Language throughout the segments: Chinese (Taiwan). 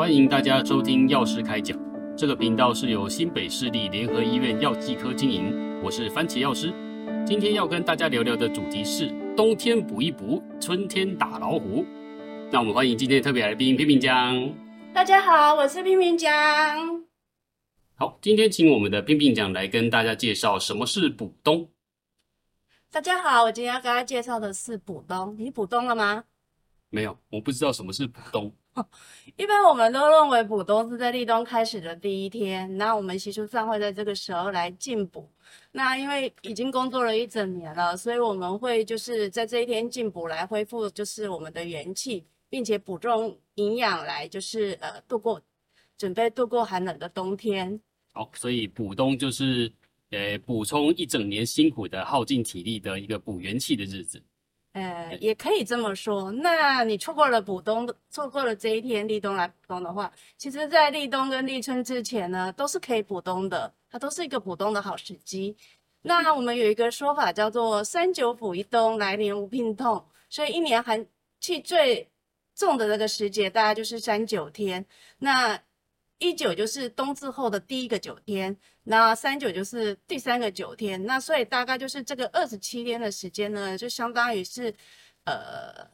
歡迎大家收聽藥師開講，這個頻道是由新北市立聯合醫院藥劑科經營，我是番茄藥師。今天要跟大家聊聊的主題是冬天補一補，春天打老虎。那我們歡迎今天特別來賓冰冰醬。大家好，我是冰冰醬。好，今天請我們的冰冰醬來跟大家介紹什麼是補冬。大家好，我今天要跟大家介紹的是補冬，你補冬了嗎？沒有，我不知道什麼是補冬。 oh, 一般我們都認為補冬是在立冬開始的第一天，那我們習俗上會在這個時候來進補。那因為已經工作了一整年了，所以我們會就是在這一天進補來恢復，就是我們的元氣，並且補充營養來就是呃度過，準備度過寒冷的冬天。好，oh，所以補冬就是呃補充一整年辛苦的耗盡體力的一個補元氣的日子。呃，也可以這麼說。那你錯過了補冬，錯過了這一天立冬來補冬的話，其實，在立冬跟立春之前呢，都是可以補冬的，它都是一個補冬的好時機。那我們有一個說法叫做“三九補一冬，來年無病痛”，所以一年寒氣最重的那個時節，大概就是三九天。那一九就是冬至後的第一個九天，那三九就是第三個九天，那所以大概就是這個二十七天的時間呢，就相當於是，呃，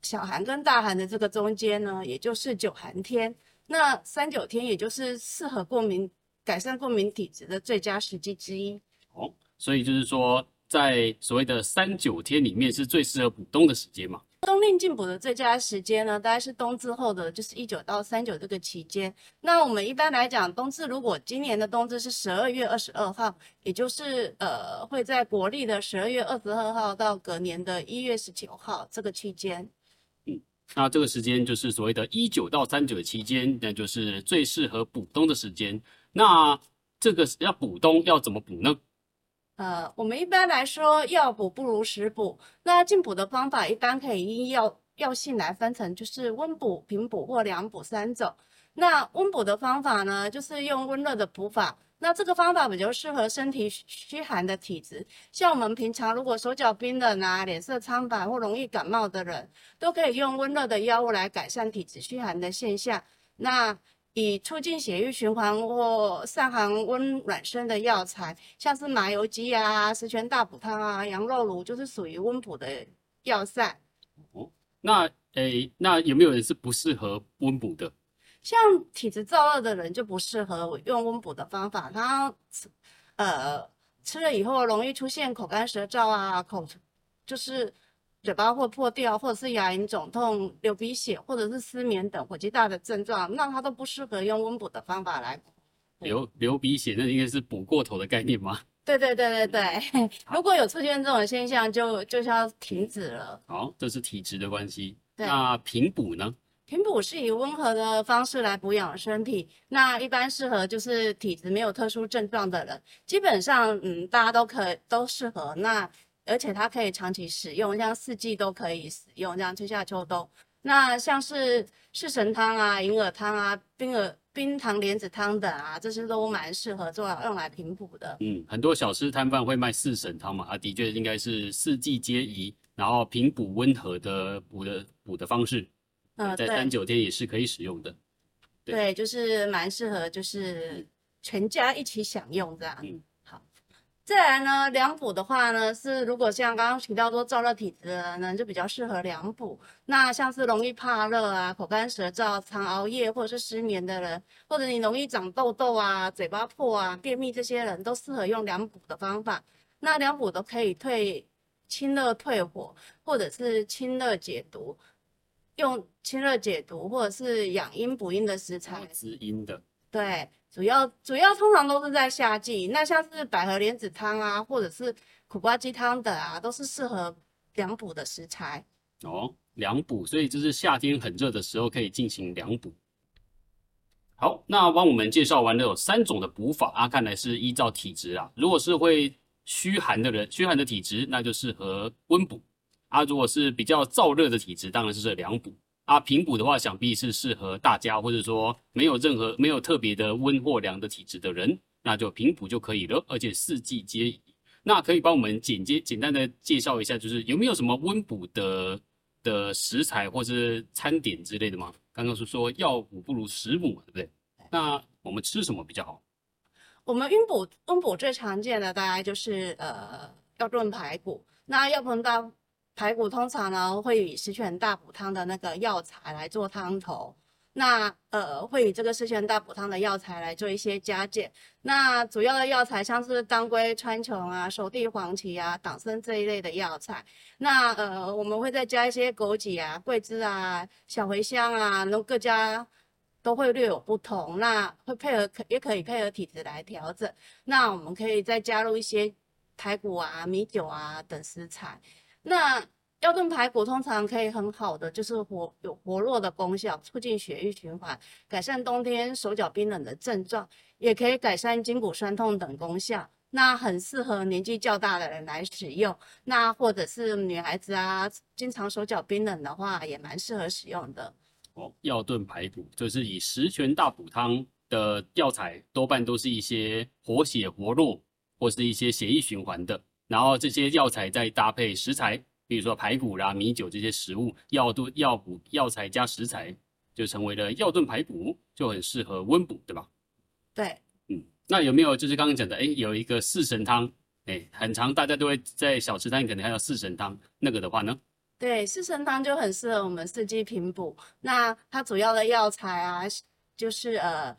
小寒跟大寒的這個中間呢，也就是九寒天。那三九天也就是適合過敏、改善過敏體質的最佳時機之一。哦，所以就是說，在所謂的三九天裡面是最適合補冬的時間嘛？冬令進補的最佳時間呢，大概是冬至後的，就是一九到三九這個期間。那我們一般來講，冬至如果今年的冬至是十二月二十二號，也就是呃，會在國曆的十二月二十二號到隔年的一月十九號這個期間。嗯，那這個時間就是所謂的一九到三九期間，那就是最適合補冬的時間。那這個要補冬要怎麼補呢？呃，我們一般來說，藥補不如食補。那進補的方法一般可以依藥藥性來分成，就是溫補、平補或涼補三種。那溫補的方法呢，就是用溫熱的補法。那這個方法比較適合身體虛寒的體質，像我們平常如果手腳冰冷啊、臉色蒼白或容易感冒的人，都可以用溫熱的藥物來改善體質虛寒的現象。那以促進血液循環或散寒溫暖身的藥材，像是麻油雞啊、十全大補湯啊、羊肉爐，就是屬於溫補的藥膳。哦，那誒、欸，那有沒有人是不適合溫補的？像體質燥熱的人就不適合用溫補的方法，他吃呃吃了以後容易出現口乾舌燥啊，口就是。嘴巴會破掉，或者是牙齦腫痛、流鼻血，或者是失眠等火氣大的症狀，那他都不適合用溫補的方法來補。流流鼻血，那應該是補過頭的概念嗎？對，對對對對對，如果有出現這種現象就、啊，就就是要停止了。好，哦，這是體質的關係。那平補呢？平補是以溫和的方式來補養身體，那一般適合就是體質沒有特殊症狀的人，基本上嗯，大家都可都適合。那而且它可以長期使用，像四季都可以使用，像春夏秋冬。那像是四神湯啊、銀耳湯啊、冰耳冰糖蓮子湯等啊，這些都蠻適合做用來平補的。嗯，很多小吃攤販會賣四神湯嘛，啊，的確應該是四季皆宜，然後平補溫和的補的補的方式。嗯，在三九天也是可以使用的。對，對就是蠻適合，就是全家一起享用這樣。嗯再來呢，涼補的話呢，是如果像剛剛提到說燥熱體質的人呢，就比較適合涼補。那像是容易怕熱啊、口乾舌燥、常熬夜或者是失眠的人，或者你容易長痘痘啊、嘴巴破啊、便秘這些人都適合用涼補的方法。那涼補都可以退清熱退火，或者是清熱解毒，用清熱解毒或者是養陰補陰的食材。滋陰的。對。主要主要通常都是在夏季，那像是百合蓮子湯啊，或者是苦瓜雞湯的啊，都是適合涼補的食材。哦，涼補，所以就是夏天很熱的時候可以進行涼補。好，那幫我們介紹完了有三種的補法啊，看來是依照體質啊。如果是會虛寒的人，虛寒的體質，那就適合溫補啊。如果是比較燥熱的體質，當然是這涼補。啊，平補的話，想必是適合大家，或者說沒有任何沒有特別的溫或涼的體質的人，那就平補就可以了。而且四季皆宜。那可以幫我們簡介，簡單的介紹一下，就是有沒有什麼溫補的的食材或者是餐點之類的嗎？剛剛是說藥補不如食補，對不對？那我們吃什麼比較好？我們溫補溫補，最常見的大概就是呃要燉排骨，那要紅湯。排骨通常呢會以十全大補湯的那個藥材來做湯頭，那呃會以這個十全大補湯的藥材來做一些加減，那主要的藥材像是當歸、川芎啊、熟地、黃芪啊、黨參這一類的藥材，那呃我們會再加一些枸杞啊、桂枝啊、小茴香啊，然後各家都會略有不同，那會配合可也可以配合體質來調整，那我們可以再加入一些排骨啊、米酒啊等食材。那藥燉排骨通常可以很好的就是活有活絡的功效，促進血液循環，改善冬天手腳冰冷的症狀，也可以改善筋骨痠痛等功效。那很適合年紀較大的人來使用，那或者是女孩子啊，經常手腳冰冷的話，也蠻適合使用的。哦，藥燉排骨就是以十全大補湯的藥材，多半都是一些活血活絡或是一些血液循環的。然後這些藥材再搭配食材，比如說排骨啦、米酒這些食物，藥燉藥補藥，藥材加食材就成為了藥燉排骨，就很適合溫補，對吧？對，嗯，那有沒有就是剛剛講的，哎，有一個四神湯，哎，很常大家都會在小吃攤，可能還有四神湯那個的話呢？對，四神湯就很適合我們四季平補，那它主要的藥材啊，就是呃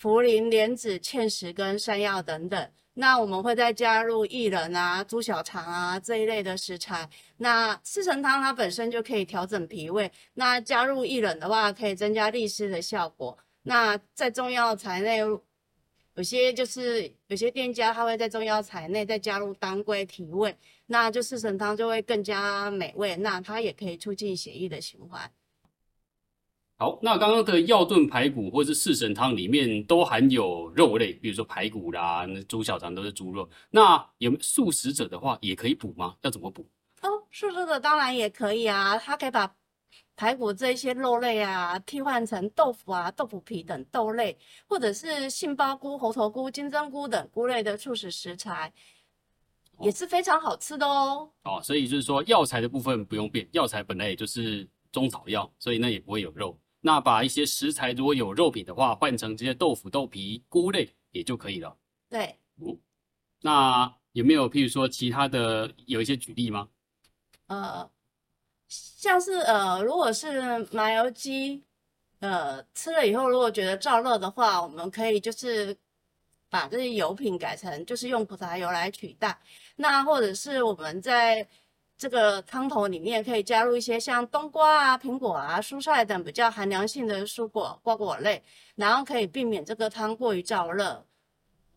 茯苓、蓮子、芡實、跟山藥等等。那我們會再加入薏仁啊、豬小腸啊這一類的食材。那四神湯它本身就可以調整脾胃，那加入薏仁的話，可以增加利濕的效果。那在中藥材內，有些就是有些店家他會在中藥材內再加入當歸提味，那就四神湯就會更加美味。那它也可以促進血液的循環。好，那剛剛的藥燉排骨或是四神湯裡面都含有肉類，比如說排骨啦、那豬小腸都是豬肉。那有素食者的話也可以補嗎？要怎麼補？哦，素食者當然也可以啊，他可以把排骨這些肉類啊替換成豆腐啊、豆腐皮等豆類，或者是杏鮑菇、猴頭菇、金針菇等菇類的素食食材，也是非常好吃的哦。哦，所以就是說藥材的部分不用變，藥材本來也就是中草藥，所以呢也不會有肉。那把一些食材，如果有肉品的話，換成這些豆腐、豆皮、菇類也就可以了對。對、哦。那有沒有譬如說其他的有一些舉例嗎？呃，像是呃，如果是麻油雞，呃，吃了以後如果覺得燥熱的話，我們可以就是把這些油品改成就是用葡萄油來取代。那或者是我們在這個湯頭裡面可以加入一些像冬瓜啊、蘋果啊、蔬菜等比較寒涼性的蔬果瓜果類，然後可以避免這個湯過於燥熱。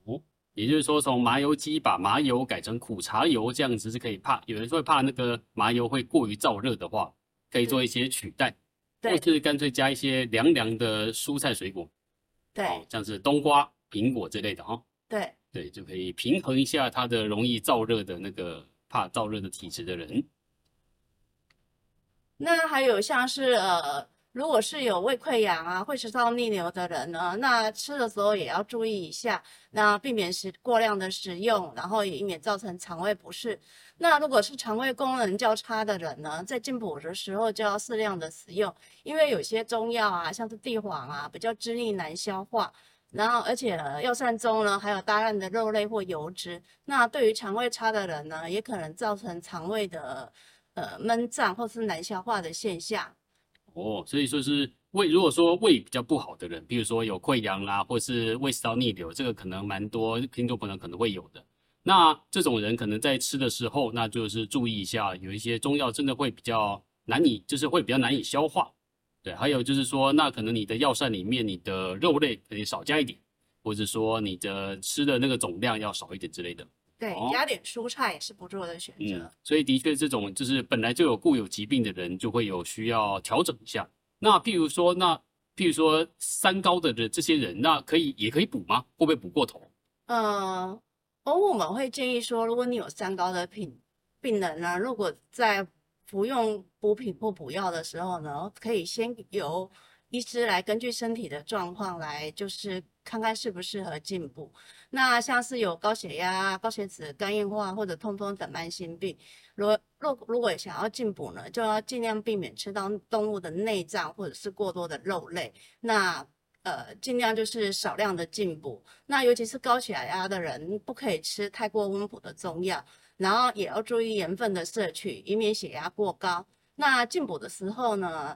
哦，也就是說，從麻油雞把麻油改成苦茶油，這樣子是可以怕。有人會怕那個麻油會過於燥熱的話，可以做一些取代，或是乾脆加一些涼涼的蔬菜水果。對，這樣子冬瓜、蘋果之類的哈、哦。對。對，就可以平衡一下它的容易燥熱的那個。怕燥熱的體質的人，嗯，那還有像是呃，如果是有胃潰瘍啊、胃食道逆流的人呢，那吃的時候也要注意一下，那避免食過量的食用，然後也以免造成腸胃不適。那如果是腸胃功能較差的人呢，在進補的時候就要適量的食用，因為有些中藥啊，像是地黃啊，比較滋膩難消化。然後，而且呢，藥膳中呢，還有大量的肉類或油脂，那對於腸胃差的人呢，也可能造成腸胃的呃悶脹或是難消化的現象。哦，所以說是胃，如果說胃比較不好的人，比如說有潰瘍啦，或是胃食道逆流，這個可能蠻多聽眾朋友可能會有的。那這種人可能在吃的時候，那就是注意一下，有一些中藥真的會比較難以，就是會比較難以消化。對，還有就是說，那可能你的藥膳裡面，你的肉類可以少加一點，或者說你的吃的那個總量要少一點之類的。對，加點蔬菜也是不錯的選擇。哦，嗯，所以的確，這種就是本來就有固有疾病的人，就會有需要調整一下。那譬如說，那譬如說三高的這這些人，那可以也可以補嗎？會不會補過頭？嗯，而我們會建議說，如果你有三高的病病人呢，啊，如果在服用補品或補藥的時候呢，可以先由醫師來根據身體的狀況來，就是看看適不適合進補。那像是有高血壓、高血脂、肝硬化或者痛風等慢性病，如果如果想要進補呢，就要儘量避免吃到動物的內臟或者是過多的肉類。那呃，盡量就是少量的進補，那尤其是高血壓的人，不可以吃太過溫補的中藥，然後也要注意鹽分的攝取，以免血壓過高。那進補的時候呢，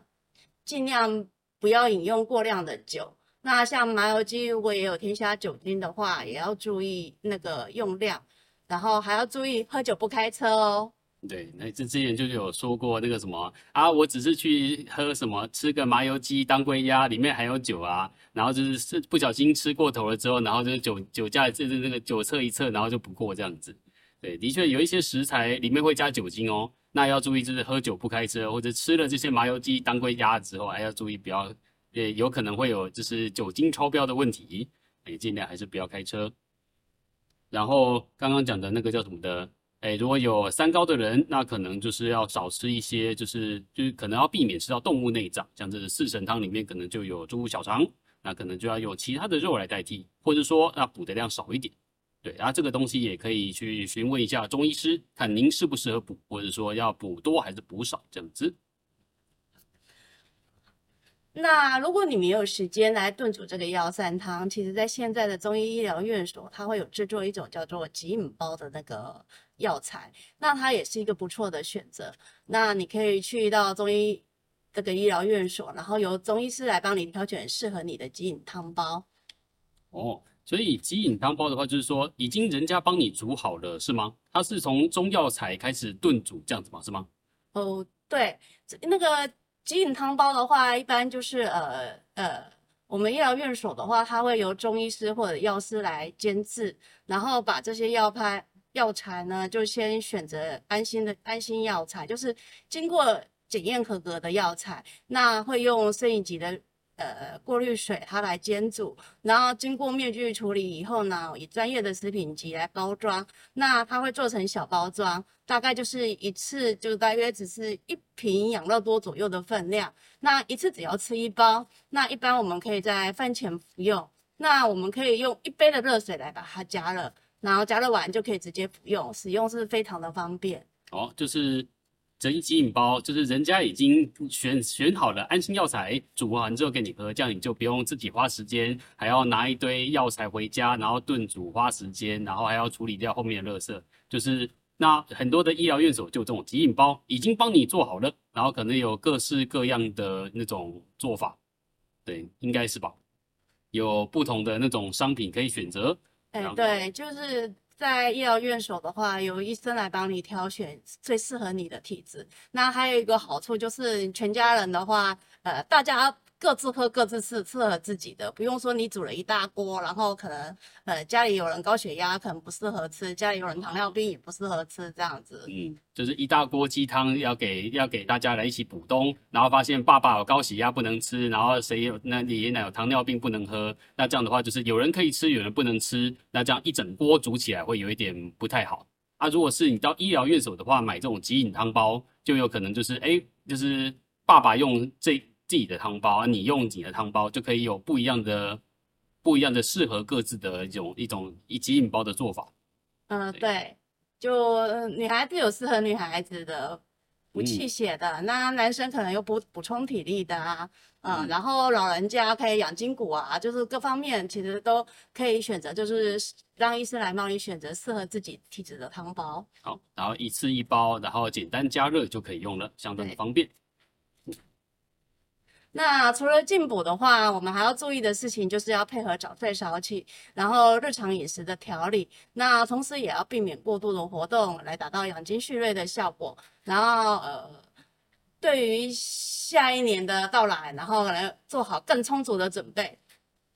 盡量不要飲用過量的酒。那像麻油雞，如果也有添加酒精的話，也要注意那個用量，然後還要注意喝酒不開車哦。對，那之之前，就是有說過那個什麼啊，我只是去喝什麼吃個麻油雞、當歸鴨，裡面還有酒啊，然後就是是不小心吃過頭了之後，然後就是酒酒駕，就是那個酒測一測，然後就不過這樣子。對，的確有一些食材裡面會加酒精哦，那要注意就是喝酒不開車，或者吃了這些麻油雞、當歸鴨之後，還要注意不要，也有可能會有就是酒精超標的問題，誒儘量還是不要開車。然後剛剛講的那個叫什麼的？哎，如果有三高的人，那可能就是要少吃一些，就是，就是就是可能要避免吃到動物內臟，像這四神湯裡面可能就有豬小腸，那可能就要用其他的肉來代替，或者說要，啊、補的量少一點。對，然，啊、後這個東西也可以去詢問一下中醫師，看您適不適合補，或者說要補多還是補少這樣子。那如果你沒有時間來燉煮這個藥膳湯，其實在現在的中醫醫療院所，它會有製作一種叫做即飲包的那個。藥材，那它也是一個不錯的選擇。那你可以去到中醫這個醫療院所，然後由中醫師來幫你挑選適合你的即飲湯包。哦，所以即飲湯包的話，就是說已經人家幫你煮好了是嗎？它是從中藥材開始燉煮這樣子嗎？是嗎？哦，對，那個即飲湯包的話，一般就是呃呃，我們醫療院所的話，它會由中醫師或者藥師來煎制，然後把這些藥拍。藥材呢，就先選擇安心的安心藥材，就是經過檢驗合格的藥材。那會用食品級的，呃過濾水，它來煎煮，然後經過滅菌處理以後呢，以專業的食品級來包裝。那它會做成小包裝，大概就是一次就大約只是一瓶養樂多左右的分量。那一次只要吃一包。那一般我們可以在飯前服用。那我們可以用一杯的熱水來把它加熱。然後加熱完就可以直接服用，使用是非常的方便。哦，就是整一即飲包，就是人家已經選選好了安心藥材，煮完之後給你喝，這樣你就不用自己花時間，還要拿一堆藥材回家，然後燉煮花時間，然後還要處理掉後面的垃圾。就是那很多的醫療院所就這種即飲包，已經幫你做好了，然後可能有各式各樣的那種做法，對，應該是吧？有不同的那種商品可以選擇。哎、嗯，對，就是在醫療院所的話，由醫生來幫你挑選最適合你的體質。那還有一個好處就是全家人的話，呃，大家。各自喝各自吃，適合自己的，不用說你煮了一大鍋，然後可能呃家裡有人高血壓，可能不適合吃；家裡有人糖尿病也不適合吃，這樣子。嗯，就是一大鍋雞湯要給要給大家來一起補冬，然後發現爸爸有高血壓不能吃，然後誰有那爺爺奶奶有糖尿病不能喝，那這樣的話就是有人可以吃，有人不能吃，那這樣一整鍋煮起來會有一點不太好啊。如果是你到醫療院所的話，買這種即飲湯包，就有可能就是誒，就是爸爸用這。自己的湯包啊，你用你的湯包就可以有不一樣的、不一樣的適合各自的一種一種以及飲包的做法。嗯、呃，對，就女孩子有適合女孩子的補氣血的，嗯，那男生可能有補補充體力的啊、呃，嗯，然後老人家可以養筋骨啊，就是各方面其實都可以選擇，就是讓醫生來幫你選擇適合自己體質的湯包。好，然後一次一包，然後簡單加熱就可以用了，相當的方便。那除了進補的話，我們還要注意的事情，就是要配合早睡早起，然後日常飲食的調理。那同時也要避免過度的活動，來達到養精蓄銳的效果。然後，呃，對於下一年的到來，然後來做好更充足的準備。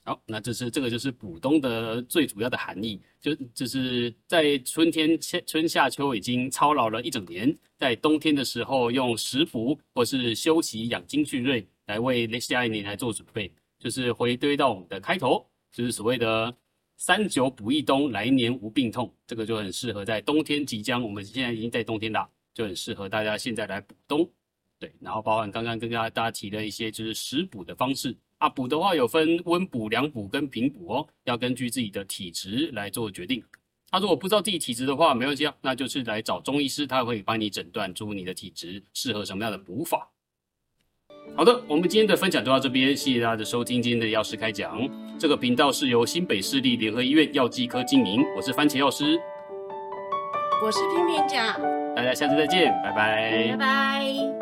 好，那這是這個就是補冬的最主要的含義，就就是在春天、春、春夏秋已經操勞了一整年，在冬天的時候用食補或是休息養精蓄銳。來為下一年來做準備，就是回推到我們的開頭，就是所謂的“三九補一冬，來年無病痛”，這個就很適合在冬天即將，我們現在已經在冬天了，就很適合大家現在來補冬。對，然後包含剛剛跟大家提的一些，就是食補的方式啊，補的話有分溫補、涼補跟平補哦，要根據自己的體質來做決定。他、啊、如果不知道自己體質的話，沒問題啊，那就是來找中醫師，他會幫你診斷出你的體質適合什麼樣的補法。好的，我們今天的分享就到這邊，謝謝大家的收聽。今天的藥師開講，這個頻道是由新北市立聯合醫院藥劑科經營，我是番茄藥師，我是天平姐，大家下次再見，拜拜，拜拜。